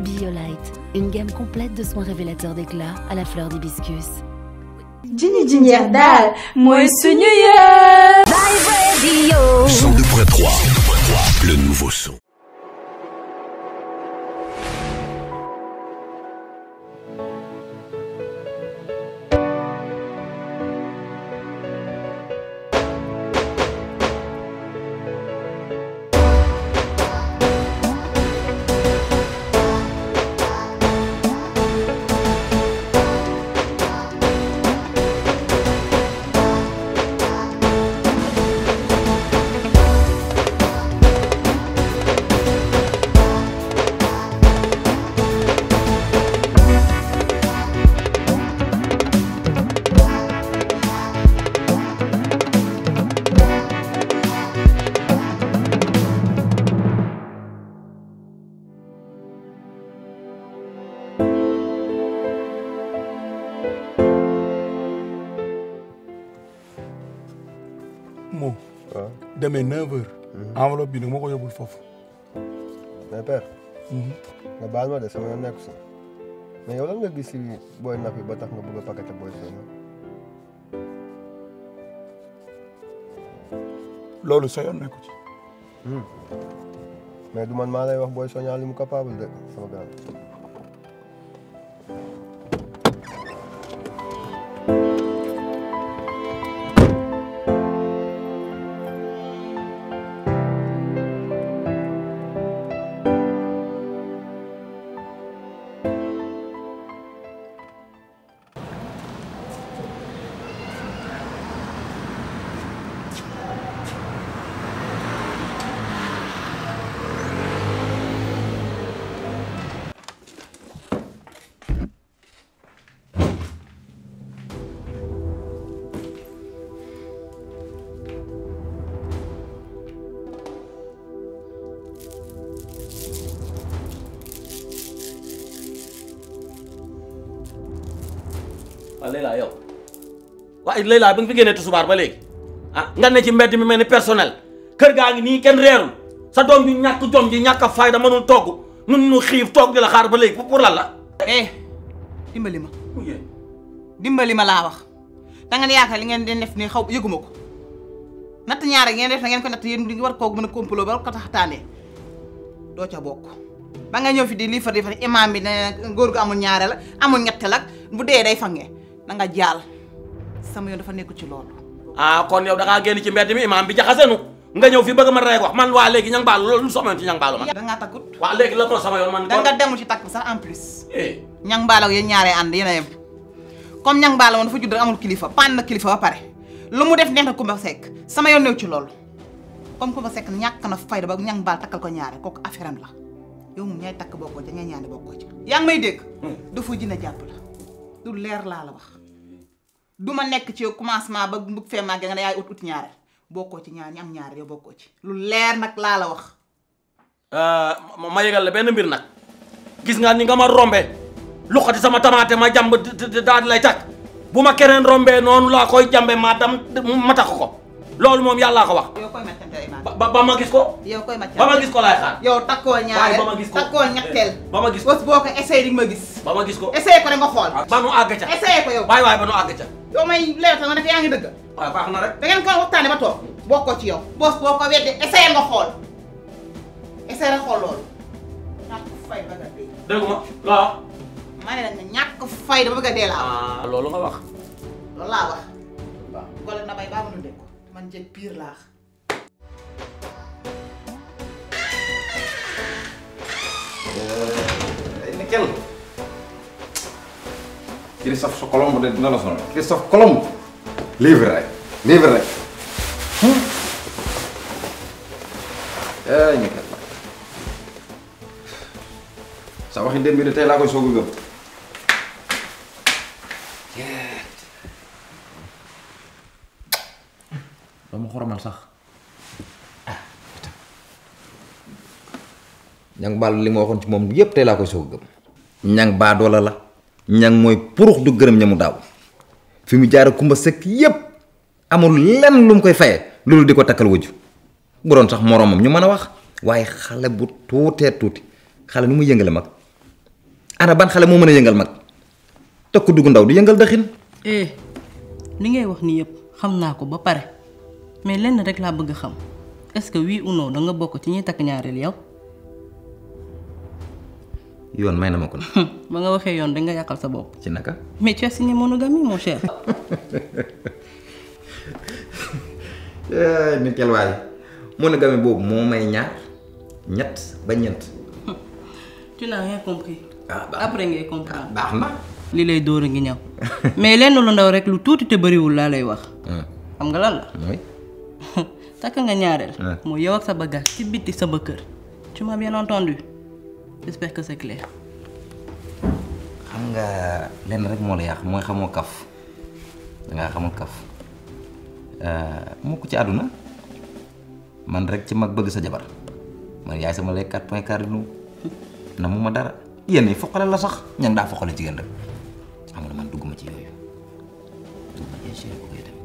Biolite, une gamme complète de soins révélateurs d'éclat à la fleur d'hibiscus. Ginny Ginny Erdal, moi suis New Year! 102.3, le nouveau son. demee 9h. Mhm. enveloppe bi nag moo ko yóbbul foofu. mais père. nga mhm. baal ma de sama yoon nekk si mais yow lan nga gis booy napp yi ba nga bëgg a paqueté booy Sona. loolu sa yoon nekk ci. Hmm. mais du man maa lay wax booy Sona li mu capable de sama grand. lay laa yow waaye lay laa ba nga ah nga ne ci mbedd mi mel ni personnel kër gaa kan ngi nii kenn reerul sa doom ju ñàkk jom ji ñàkk fayda mënul togg nun ñu xiif toog di la xaar ba léegi pour lan la eh dimbali ma oh, iya. dimbali ma laa iya, wax da ngeen yaakaar li ngeen di def ni iya xaw yëguma ko natt ñaare ngeen def na ngeen ko natt yéen di war koo mën a complot ba war ko tax tànnee ca bokk ba nga ñëw fi di lii fa di bi ne eh, góor gu amul ñaare amul ñette bu dee day fange na nga jall sama yoon dafa nekkul ci loolu. ah kon yow da nga genn ci mbedd mi imam bi jaxase nu nga ñew fi bëgg ma rey wax man wa legi ñang baalu loolu lu sama ci ñang baalu man. da iya, nga takut wa legi la ko sama yoon man. da nga dem ci takk sax en plus. ñang baalo ak yéen ñaaree ànd yéen a comme ñang baalo woon fu judd amul kilifa pan na kilifa ba pare lu mu def neex na Kumba sek sama yoon neew ci loolu comme Kumba sek ñak na fayda ba ñang baal takal ko ñaare kooku affaire am la yow mu ñay tak bokko ca ñay ñaani bokko ci yang may deg hmm. du fu jina japp la du leer la la wax du ma nekk ci commencement ba bu fee màggee nga ne yaay ut ut ñaareel bokkoo ci ñaar ñi am ñaareel yow bokkoo ci lu leer nag laa la wax. Euh, ma yëgal la benn mbir nag gis nga ni nga ma rombee luxati sama tamaate ma jàmb daal di lay tàkk bu ma keneen rombee noonu laa koy jàmbe ma dam ma tax ko. loolu moom yàllaa ko wax. ba ba ma gis ko. yow koy ba ma ko laay xaar. yow takkoo ñaareel ba ma gis ko takkoo ñetteel. ba ma gis ko boo ko essayé di nga gis. ba ma gis ko essayé ko rek nga xool. Ah, ba nu àgg ca ko yow. ba nu àgg yow may leeral nga def yaa ngi dëgg. waaw baax na rek. da ngeen ko waxtaane ba toog boo ko ci yow. boos boo ko wedde essayé nga xool essayé rek xool loolu. ñàkk nga dee. dégg ma laa. ma ne la nga ñàkk fay dama bëgg wax. Ah, man jeeg piir laax eh, nickel Christophe sa Colombe de dina la sonal Christophe Colombe livre rek livre rek ay hmm. eh, nickel sa waxi démb de tey laa koy soogu gëm Yang sax ah, ñang baal li mo waxoon ci mom yépp té la ko soog gëm ñang do la ñang moy purux du gërem ñamu daw fi mu jaara kumba sekk yépp amul lenn lu mu koy fayé lolu diko takal wuju bu doon sax moromam ñu mëna wax waye xalé bu tuté tuti xalé nu mu yëngale ana ban xalé mo mëna yëngal mak takku dugu ndaw du yëngal daxin eh ni ngay wax ni yépp xamna ko ba paré mais lenn rek laa bëgg xam est-ce que oui ou non da nga bokk ci ñuy takk ñaareel yow. yoon may na ma ko. ba nga waxee yoon da nga yàqal sa bopp. ci naka. mais tu as signé monogamie mon cher. nit eh, kel waay monogamie boobu moo may ñaar ñett ba ñent tu n'as rien compris. Ah, après ngay comprendre. Ah, baax na. li lay dóor ngi ñëw mais lenn lu ndaw rek lu tuuti te bëriwul laa lay wax. Hmm. xam nga lan la. Tak nga ñaarel mu yow ak sa bagage ci biti sa bëkkër tu m'as bien entendu j'espère que c'est clair. xam nga lenn rek moo la yàq mooy xamoo kaf da ngaa xamul kaf eh, mukk ci àdduna man rek ci mag bëgg sa jabar man yaay sama lay 4 point cardinaux na mu ma dara yéen yi foqale la sax ñang ngi daa foqale jigéen rek xam man dugguma ci yooyu dugguma ci chéri ko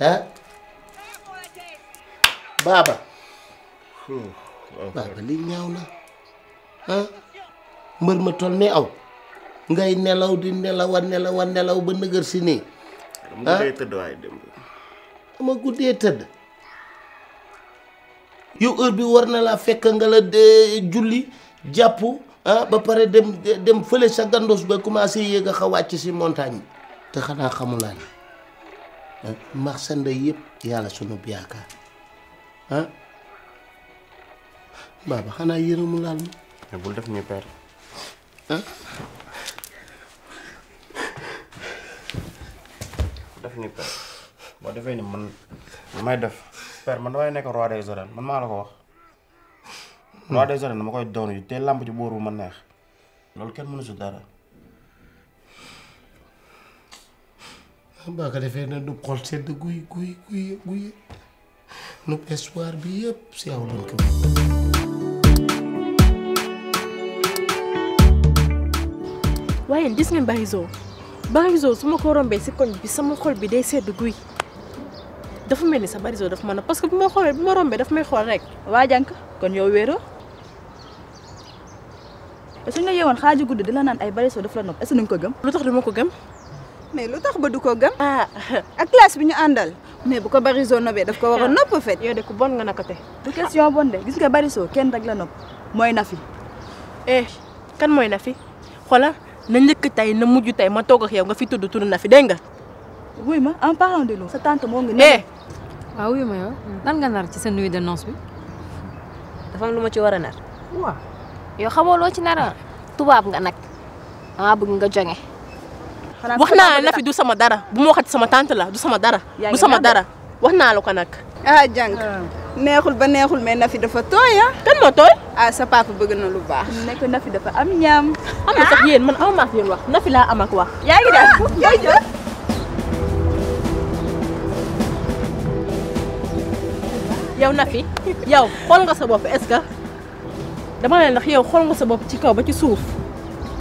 He? Baba. Baba li ñaw na. ah Mbeur ma tol ne aw ngay nelaw di nelaw a nelaw a nelaw ba nëgër si nii. ah guddee teud way dem. ma guddee teud. Yu heure bi war na la fekk nga la julli jappu ah ba pare dem dem fële sa gandos ba commencé yéeg xawacc ci si montagne te xana xamulani. Euh, marchandé yëpp yàlla sunu yaakaar ah baaba xanaa yërëmu laal ma. mais bul def ñu père. ah. def ñu père boo defee ni man may def père man damay nekk roi des arènes man maa la ko wax. roi des arènes dama koy doon yi te làmb ci booru ma neex. loolu kenn mënu si dara. mbaa ko defee na nu xol sedd guy guy guy guy nu espoir bi yëpp si yow lañ ko waaye gis ngeen Barizo Barizo su ma ko rombee si koñ bi sama xol bi day sedd guy dafa mel ni sa Barizo dafa mën a parce que bu ma xoolee bu ma rombee daf may xool rek waa jànk kon yow wéeroo suñ la yeewoon xaaju guddi di la naan ay Barizo daf la nopp est-ce que nuñ ko gëm lu tax du ma ko gëm mais lu tax ba du ko gëm. ah ak classe bi ñu àndal. mais bu ko Bariso nobee daf ko war a ah. nopp fet yow de ku bon nga naka te. du question bon gis nga Bariso kenn rek la nopp mooy Nafi. eh kan mooy Nafi xola na njëkk tey na mujj tey ma toog ak yow nga fi tudd tudd Nafi dégg nga. wuy ma en parlant de sa tante moo nga ne waaw wuy ma yow lan nga nar ci sa nuit de noos bi. dafa am lu ma ci war a nar. waaw yow xamoo loo ci nar ah. tubaab nga nag maa ah, bëgg nga jonge وحنا لنا في دوسة مدارة بمو خد سما تانت لا دوسة مدارة يعني دوسة نعم. مدارة وحنا على كناك اه جانك آه. نأكل بنا نأكل من نفيد فتوية آه. كن ما توي اه سباق بقولنا لبا نأكل نفيد فا أم يام أم تغيير آه. من أو ما فين وح نفيد لا أمك وح يا جدا يا جدا ياو نفي ياو خلنا سبب إسكا دمان الأخير خلنا سبب تكاو بتشوف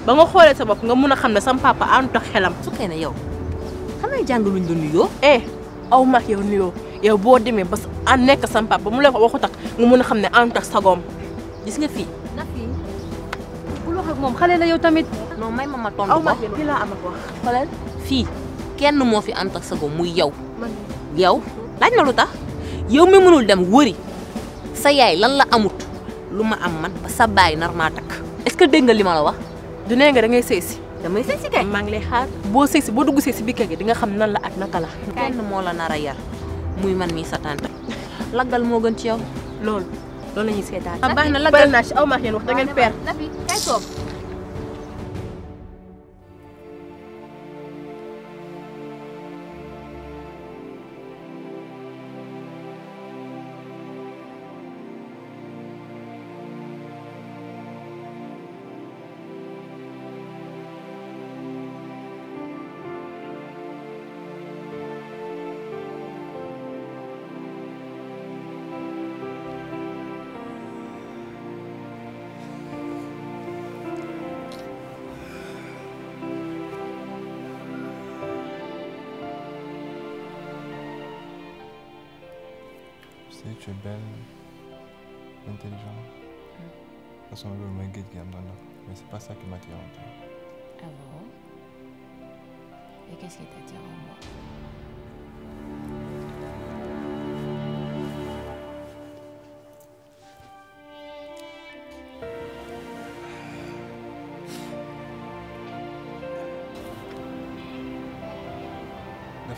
ba nga xolé sa bop nga mëna xam papa am ak xelam. su fekkee ne yow nga jang luñ eh aw ma yow nuyo yow bo démé ba sa nek sam papa mu lay waxu waxut nga mëna a xam ne àndut gis nga fi na fi bu wax ak mom xalé la yow tamit. non may mama tondo aw ma am ak wax. xalé fi kenn mo fi am ak sagom muy yow. yow lañ na lu tax yow mi mënul dem wëri sa yaay lan la amut Luma am man ba sa bay normal tak est-ce que nga lima la wax. du nee nga da ngay sëy si damay sëy si kay maa ngi xaar boo sëy si boo dugg sëy si bi kër gi di nga xam nan la ak naka la kenn moo la nar a yar muy man mii sa tante laggal moo gën ci yow loolu loolu nañu ñuy seetaan ah, baax na laggal naa ci aw maa wax da ngeen peer kay toog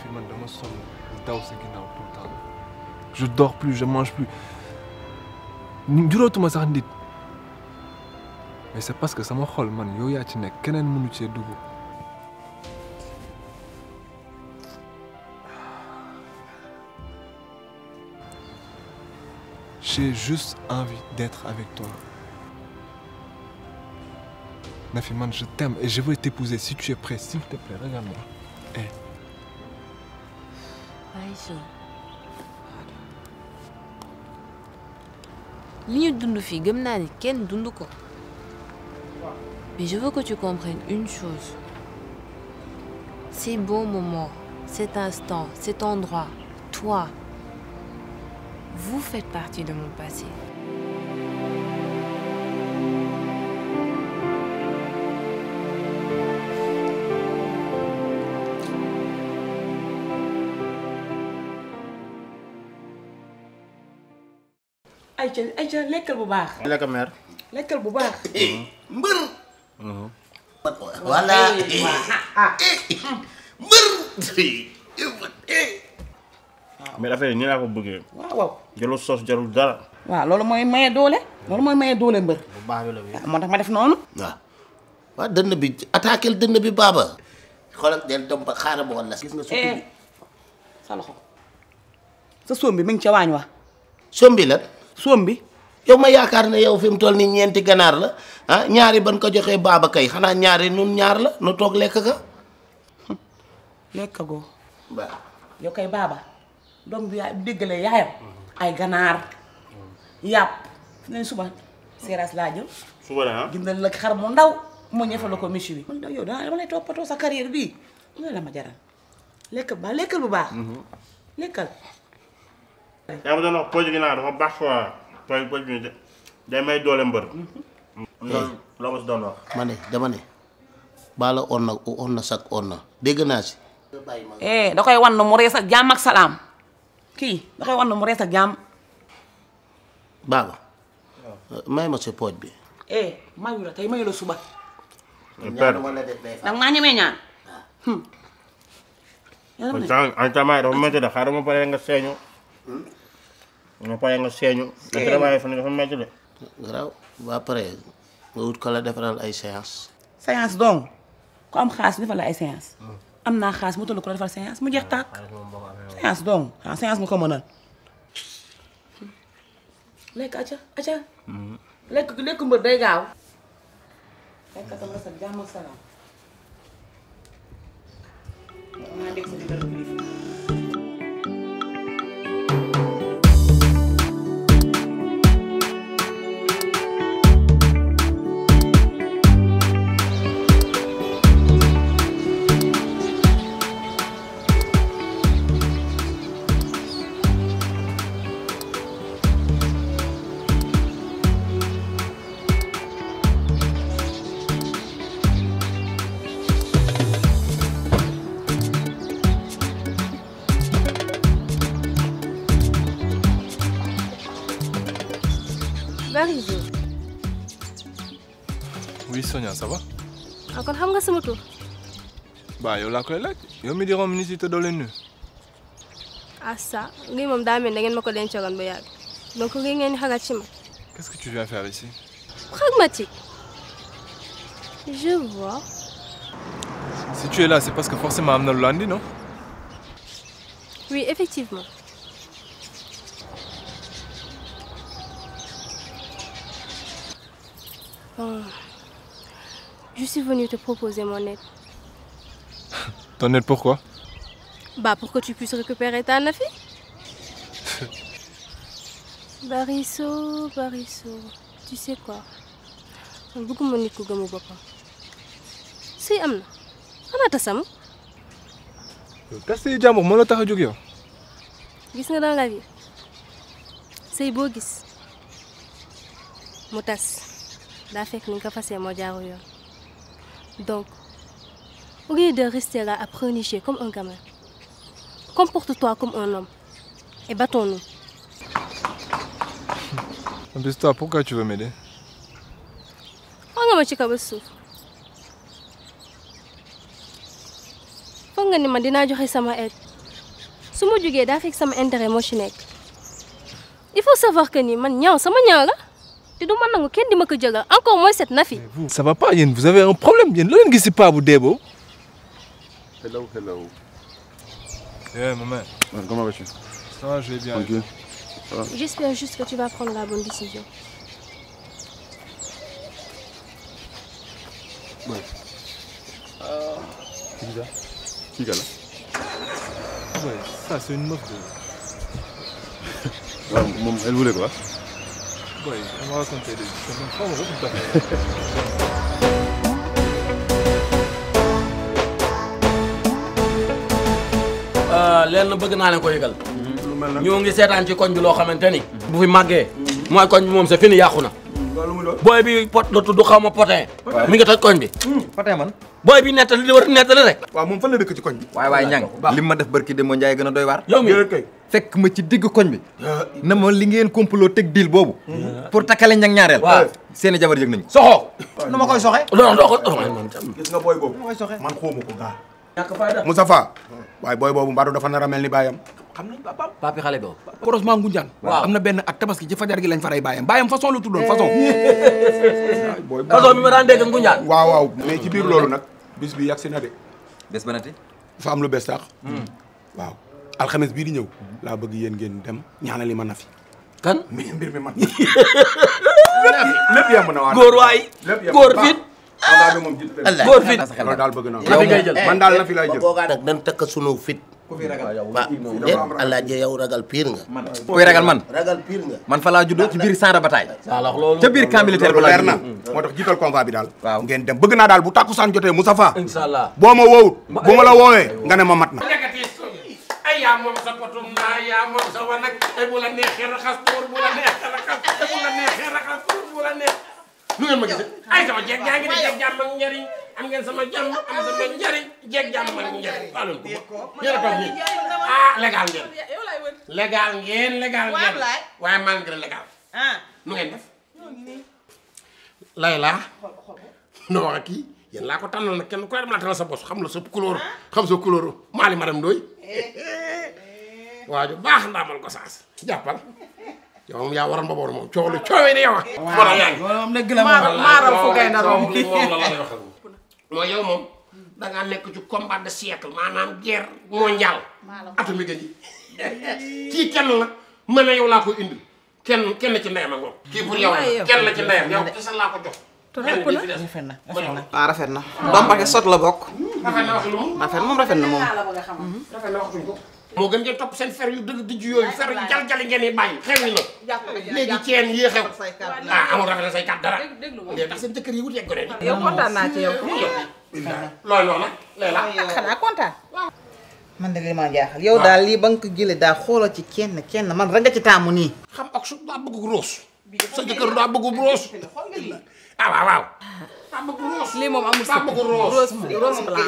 Je ne je dors plus je mange plus mais c'est parce que sama xol man Yo ya ci nekk keneen mënu cee j'ai juste envie d'être avec toi Nafiman, je t'aime et je veux t'épouser si tu es prêt. S'il te plaît, regarde-moi. Eh mais je veux que tu comprennes une chose ces bons moments cet instant cet endroit toi vous faites partie de mon passé ayca ayca lekkal bu baax. lekkal mère. lekkal bu baax. mbër. voilà. mbër. mais affaire yi nii laa ko bëggee. waaw waaw. sos jarul dara. waaw loolu mooy maye doole. loolu mooy maye doole mbër. Ah, moo tax ma def noonu. waaw dënn bi attaqué dënn bi baaba. gis nga suuf bi eh, sa soom bi mi ngi ca waañ wa. soom bi la. soom bi yow ma yaakaar ne yow fi mu toll nii ñeenti ganaar la ah ñaari ban ko joxee baaba kay xanaa ñaari nun ñaar la nu toog lekk ka lekk goo yow kay baaba doom bi yaay déggale yaayam ay ganaar yàpp nañ suba seeraas laa jël suba la ah. gindal la xar mu ndaw mu ñefe la ko monsieur bi man yow dama lay toppatoo sa carrière bii mu ne la ma jaral lekk bu baax bu mm-hmm. baax lekkal yaa ma doon wax poj gi naa dafa baax quoi poj poj bi day may doole mbër. Mm-hmm. loolu loo ma si doon wax. ma ne dama ne baala on na on na sax on na dégg naa si. Eh, da koy wan mu rees ak jàmm ak salaam kii da koy wan mu rees ak jàmm. baaba eh, may ma si pooj bi. eh mayu la tey mayu la suba. ñaan wala def day fa. maa ñemee ñaan. Ah. Hmm. yàlla na dafa métti de xaaral ma pare nga seeñu. Hmm? nga pare nga seeñu. seeñu da nga la defaral ay séance. séance donc ku am xaas defal la ay séance. am naa xaas mu toll ko la defal séance mu jeex tàkk. séance donc ah séance nga ko mënal. lekk acca acca. Sonia ça va. ah kon xam nga sama tur. ba yow laa koy laaj yow mi di romb nit yi te doo leen nuyu. ah ça lii moom daa mel da ngeen ma ko dencoon ba yàgg donc lii ngeen di xalaat ci ma. qu'est-ce que tu viens faire ici. pragmatique. je vois. si tu es là c'est parce que forcément am na non. oui effectivement. bon. Je suis venue te proposer mon aide. Ton aide pourquoi Bah pour que tu puisses récupérer ta Nafi. Barisso, Barisso, tu sais quoi Je ne là. que si papa. am là. xanaa sam. là. Je jàmbur là. la tax là. yow gis dans la vie C'est là. gis là. ni nga donc, au lieu de rester là à prénicher comme un gamin, comporte-toi comme un homme et battons-nous. Bista, pourquoi tu veux m'aider Pourquoi tu veux m'aider nga ni man dinaa joxe sama aide su ma jógee daa fekk sama intérêt moo un il faut savoir que ni man ñaaw sama ñaaw tu ne m'as pas ma encore moins cette Nafi..! ça va pas Yen, vous avez un problème Yen, L'un qui gis pas paa vous hello hello. eh maman. comment vas-tu. ça va je vais bien. j'espère juste que tu vas prendre la bonne décision. c'est bizarre. c'est..? ça c'est une meuf de. elle voulait quoi. Boy, I'm bëgg naa leen ko yëgal. ñoo ngi seetaan ci koñ loo xamante ni. bu fi màggee. mooy koñ moom c'est fini yàqu na. booy bi pot la tudd xaw ma potin. mi ngi toj koñ bi. Hmm, man. boy bi netal li war netal rek wa mom fa la dekk ci koñ way way ñang li ma def barki de mo njaay gëna doy war yow mi fekk ma ci digg koñ bi ya, ya. na ma li ngeen complo tek deal bobu mm-hmm. ya. pour takale ñang ñaarel seen jabar yeug nañ soxo nu ma koy soxé non doo ko gis nga boy boobu man xomuko ga fayda Moustapha waaye boy bobu mbaadu dafa nara melni bayam ni baayam xam nañ papaam papi xalé do croisement Ngunjaan waaw amna ben ak tabaski ci fajar gi lañ faray bayam bayam façon lu tudon façon eh. façon mi ma daan dégg Ngunjaan waaw waaw mais ci bir lolu nak bis bi yàgg si na de. bés ba nati. dafa am lu bees sax. Hmm. waaw alxames bii di ñëw. laa bëgg yéen ngeen dem ñaanali ma na fi. kan mbir mi man. lépp yemb na waa góor waay góor fit. góor fit. daal bëgg naa man daal na fi laay jël. ku fi ragal alaaji yow ragal pire nga. man kuy ragal man. ragal pire nga. man fa laa juddoo ci biir sans rabataay. alors loolu ca biir camp militaire ba leer na moo tax jiital convoi bi daal. ngeen dem bëgg naa daal bu tàkkusaan jotee Moustapha. incha allah boo ma woowut bu ma la woowee nga ne ma mat na. nu ngeen ma gisee ay sama jeeg yaa ngi ne jeeg jàmm ak njariñ am ngeen sama jàmm am sama njariñ jeeg jàmm ak njariñ baaloon ko ma yéen a toog nii ah légal ngeen légal ngeen légal ngeen waaye malgré légal ah. nu ngeen def Layla no wax ak kii yéen laa ko tànnal nag kenn ku ne dama la tànnal sa bos xam la sa couleur ah. xam sa couleur maali madame Ndoye eh. waaw ju baax ndaamal ko saas jàppal yow yaa waral mbaboor moom coow lu coowee ni yow ah. waaw loolu moom dëgg la moom maaral mooy yow moom da nekk ci combat de siècle maanaam guerre mondiale atomique a ji kii kenn la mën a yow laa ko indi kenn kenn ci ndeyam ak moom. kii pour yow kenn la ci ndeyam yow kese laa ko jox. rafet na waaw rafet na. doom parce que sot la bokk. rafet na waxtu moom rafet na moom. rafet na waxtu moo gën ngeen topp seen fer yu dëgg dijj yooyu fer yu jal-jali ngeen di bàyyi xew na léegi ceen yi xew ah amul rafet say kat dara dee tax seen jëkkër yi wut yegg ko yow naa kontaan man de li ma jaaxal yow daal lii ba nga ko jëlee daa xooloo ci kenn kenn man rek nga ci taamu nii xam ak su daa bëgg roos sa jëkkër daa bëgg roos ah waaw waaw daa bëgg roos lii moom amul daa bëgg roos roos roos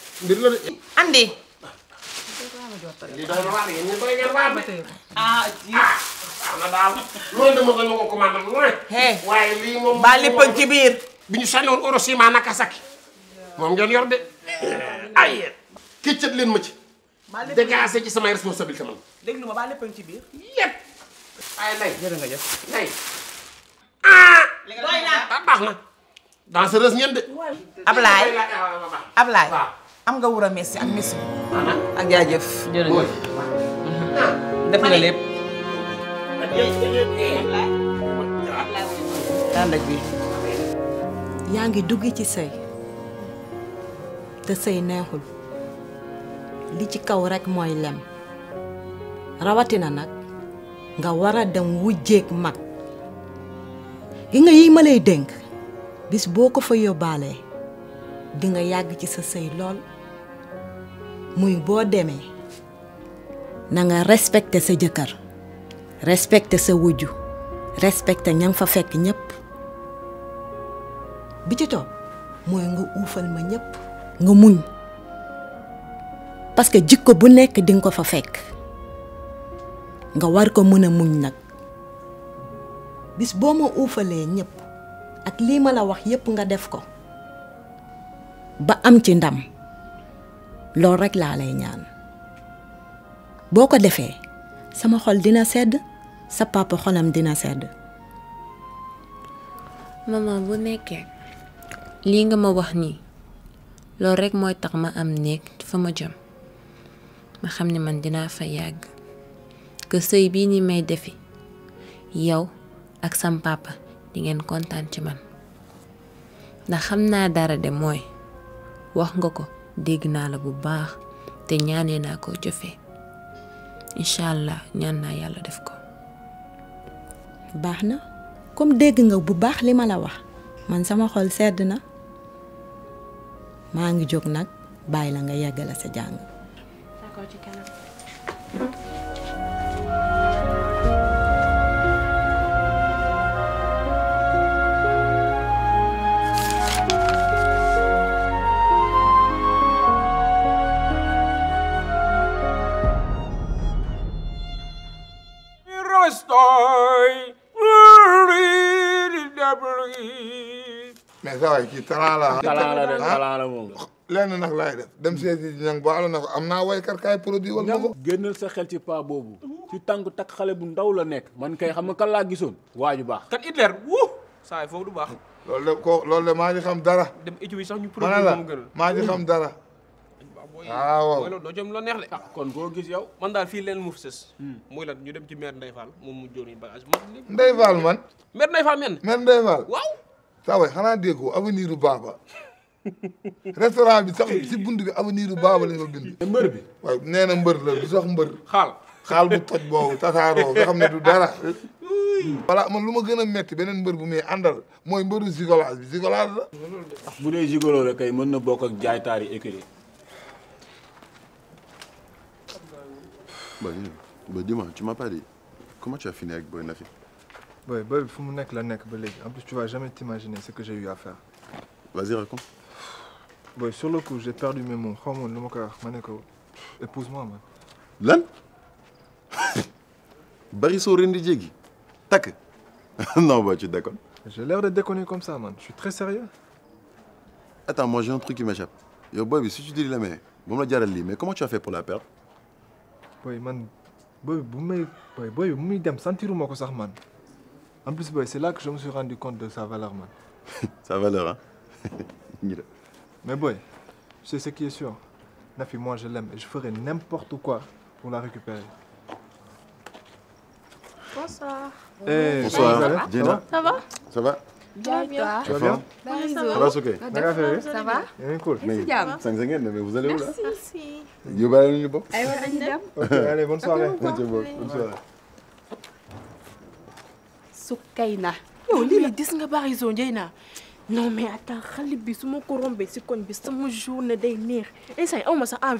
mbir la andi ah, iya. eh. Bali pencibir biñu sañon ñu koy ngeen waar de ngeen yor de ay kiccat leen ma ci dégagé ci sama responsabilité man déglu ba lépp ci biir yépp ay lay jërë nga iya, yépp lay ah doy naa baax na reus ñen de ablay ablay am nga a messi ak messi ak jaajëf jërëjëf def nga lépp tàndak bi yaa ngi dugg ci sëy te sëy neexul li ci kaw rekk mooy lem rawatina nag nga war a dem wujjeeg mag gi nga yi ma lay dénk bis boo ko fa yóbbaalee di nga yàgg ci sa sëy lool muy boo demee na nga respecté sa jëkkër respecté sa wujju respecté ña nga fa fekk ñépp bi ci topp mooy nga uufal ma ñépp nga muñ parce que jikko bu nekk di nga ko fa fekk nga war ko mën a muñ nag bis boo ma uufalee ñépp ak lii ma la wax yépp nga def ko ba am ci ndam loolu rekk laa lay ñaan boo ko defee sama xol dina sedd sa papa xolam dina sedd. maman bu nekkee lii nga ma wax nii loolu rekk mooy tax ma am néeg fa ma jëm ma xam ne man dinaa fa yàgg que sëy bii ni may defi yow ak sam papa di ngeen kontaan ci man ndax xam naa dara de mooy. wax nga ko dégg naa la bu baax te ñaanee naa ko jëfee incha allah ñaan naa yàlla def ko. baax na comme dégg nga bu baax li ma la wax man sama xol sedd na maa ngi jóg nag bàyyi la nga yeggale sa jàng. estoy mais saa waay kii talent ah? la ah. talent moom. lenn nag laay dem seeti di nag baalu na ko am naa waykat kaay produit wala ko. génnal sa xel ci paa boobu. ci tànk takk xale bu ndaw la nekk. man kay xam nga kan laa gisoon. waa ju baax kat Hitler wuu. saa yi foofu du baax. loolu de ko loolu xam dara. dem étudier sax ñu produit moom gën maa ngi xam dara. Ah, waaw loolu doo jëm neex de. ah kon koo gis yow. man daal fii leen mu sës. Hmm. muy lan ñu dem ci maire Ndeye moom mu jóoni bagage man. Ndeye ndaa man. maire Ndeye Fall men. a Ndeye Fall waaw. xanaa déggoo avenir bu baax ba restaurant bi sax si bunt bi avenir bu baax ba lañ ko bind. mbër bi waaw nee na mbër la du sax mbër. xaal xaal bu toj boobu tasaaroo nga xam ne du dara. voilà man lu ma gën a métti beneen mbër bu muy àndal mooy mbëru zigolaas bi zigolaas la. Ah, mën na bokk ak jaaytaari Bah, bah dis-moi, tu m'as pas dit. Comment tu as fini avec Boy Nafi Ouais, Boy, que la nec, En plus, tu vas jamais t'imaginer ce que j'ai eu à faire. Vas-y, raconte. Boy, sur le coup, j'ai perdu mes mots. Oh, mon le Épouse-moi, man. Lan Bariso Rendi Djegi Tac Non, bah, tu déconnes. J'ai l'air de déconner comme ça, man. Je suis très sérieux. Attends, moi, j'ai un truc qui m'échappe. Yo, Boy, si tu dis la main, bon, me mais comment tu as fait pour la perdre oui, man vous bu boy booy booy me sentir ça man en plus c'est là que je me suis rendu compte de sa valeur man. sa valeur hein. mais tu sais ce qui est sûr Nafi moi je l'aime et je ferai n'importe quoi pour la récupérer. Bonsoir. Eh, bonsoir. Ça Ça Ça va? Ça va? Bien, bien. Tu vas bien bah, bah, Ça va, Ça va eh, eh, mais vous allez où bah, Allez, allez, bonne soirée. Bonne soirée. Soukaina. Yo, dis nga Barizo non mais attends Ça envie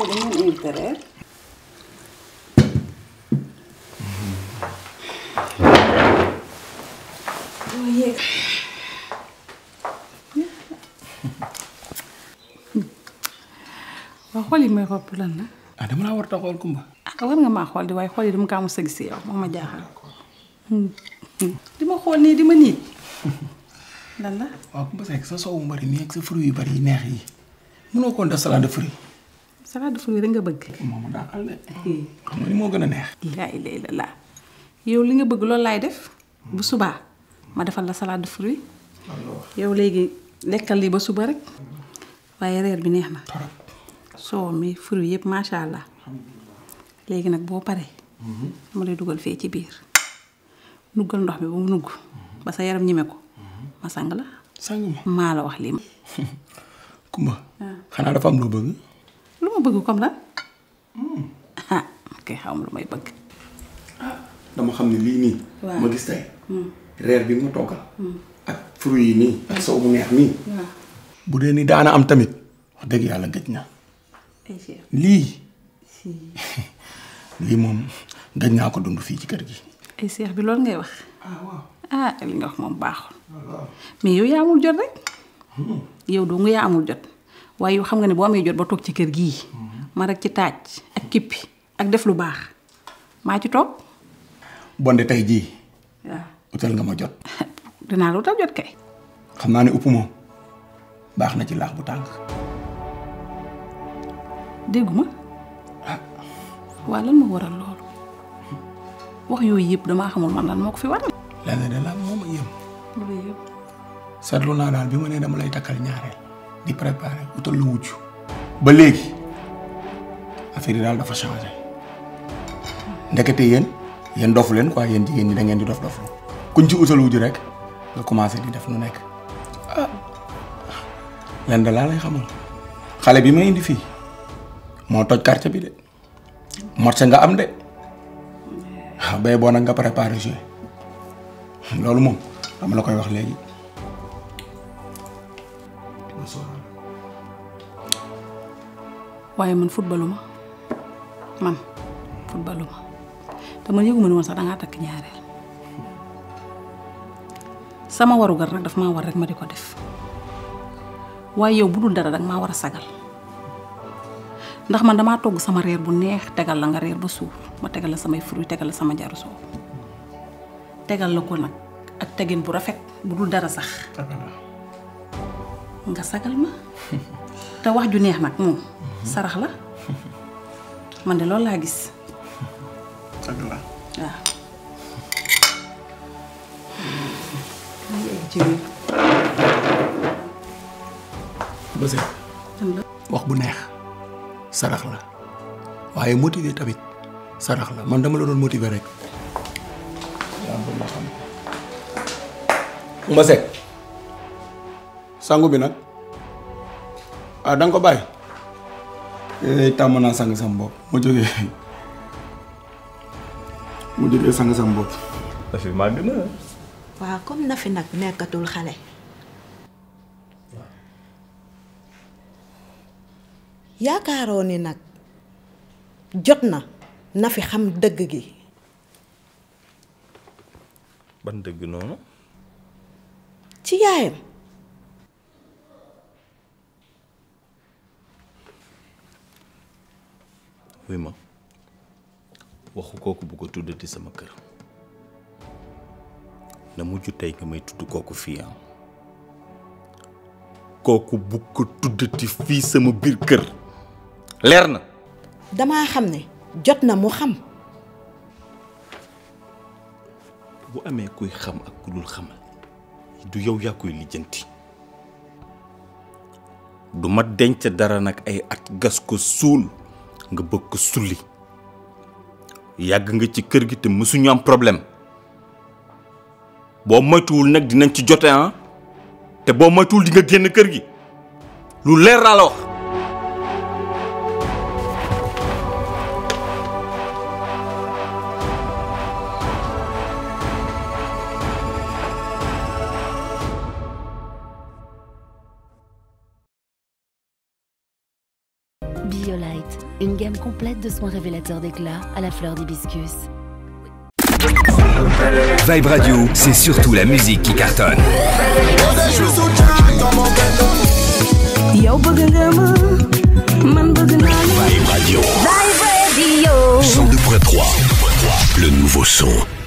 håller hon inte det. waa xool yi may xool pour lan la. ah dama laa war Kumba. ah war nga maa xool de waaye xool di ma di mana? nii. lan la. waaw Kumba Seck sa soowu mbari nii ak sa fruit yu bari yi de salade de fruits nga bëgg. moom ni moo gën a neex. laa yow li nga bëgg loolu laay def. bu suba ma defal la salade de yow léegi lekkal lii ba suba rek. waaye reer bi neex na. soo mi fruits yëpp macha allah. léegi nag boo paree. Mhm. ma lay dugal fee ci biir. nuggal ndox mi ba mu nugg. Mhm. ba sa yaram ñime ko. Mhm. ma sang la. sang ma maa la wax lii ma. Kumba. Ah. xanaa dafa am loo bëgg. lu mau bëgg comme la ah okay, kamu ma lu may bëgg dama ni ne lii nii ma gis tey hmm. reer bi mu toggal ak fruit ni, nii ak sow mu ni daana am tamit wax dëgg yàlla Li. na lii mom moom gëj naa kerja. dund fii ci kër gi ay ngay wax ah li ah, nga wax moom baaxul mais yow yaa amul jot rek yow doo amul jot waaye yow xam nga ne boo amee jot ba toog ci kër gii mm-hmm. ma rek ci taaj ak kippi ak def lu baax maa ci toog bonde tey jii waaw utal nga ma jot dinaa la utal jot kay xam naa ne upp moom baax na ci laax bu tàng dégguma ah. waa lan moo waral loolu wax yooyu yëpp damaa xamul man lan moo ko fi waral leneen de lan moo ma yëm seetlu naa daal bi ma ne dama lay takkal ñaareel di préparer ou la wujj ba légui affaire dal dafa yang, ndekete yéen yéen dof len quoi yéen jigéen ni da ngeen di dof dof kuñ ci outal wuju rek nga commencer di def nu nek ah da la lay xamal xalé bi ma indi fi mo toj carte bi de marché nga am de bay bo nak nga préparer jeu lolou mom am la koy wax légui waye man footballuma ma man footballuma ma te man yeguma ma ne woon sax sama gar nak daf ma war rek ma diko def waye yow budul dara dag ma wara sagal ndax man dama togg sama reer bu neex tegal la nga reer ba suuf ma tegal la sama fruit tegal la sama jaru suuf tegal la ko nak ak tegen bu rafet budul dara sax nga sagal ma te wax ju neex sarax la man de lol la gis. dëgg la waaw. bës wax bu neex sarax la waye motivé tamit sarax la man dama la doon motivé rek. Mbasek sangu bi nak ah dang ko bàyyi. Eh, tàmm naa sang sama bopp ma jógee ma jógee sang sama bopp. Nafi màgg na. waaw comme Nafi nag nekkatul xale. yaakaaroo ni nak jot na Nafi xam dëgg gi. ban dëgg noonu. ci yaayam. wuy ma waxu kooku bu ko tuddati sama kër na mujj tey nga may tudd kooku fii ah kooku bu ko tuddati fii sama biir kër leer na. damaa xam ne jot na mu xam. bu amee kuy xam ak ku dul xamal du yow yaa koy lijjanti. du ma denc dara nag ay at gas ko suul. nga bëgg ko sulli yàgg nga ci kër gi te mësuñu problème boo moytuwul nag dinañ ci jote ah te boo moytuwul di nga génn kër gi lu leer laa de soins révélateur d'éclat à la fleur d'hibiscus. Vibe Radio, c'est surtout la musique qui cartonne. Yo, Radio. le nouveau son.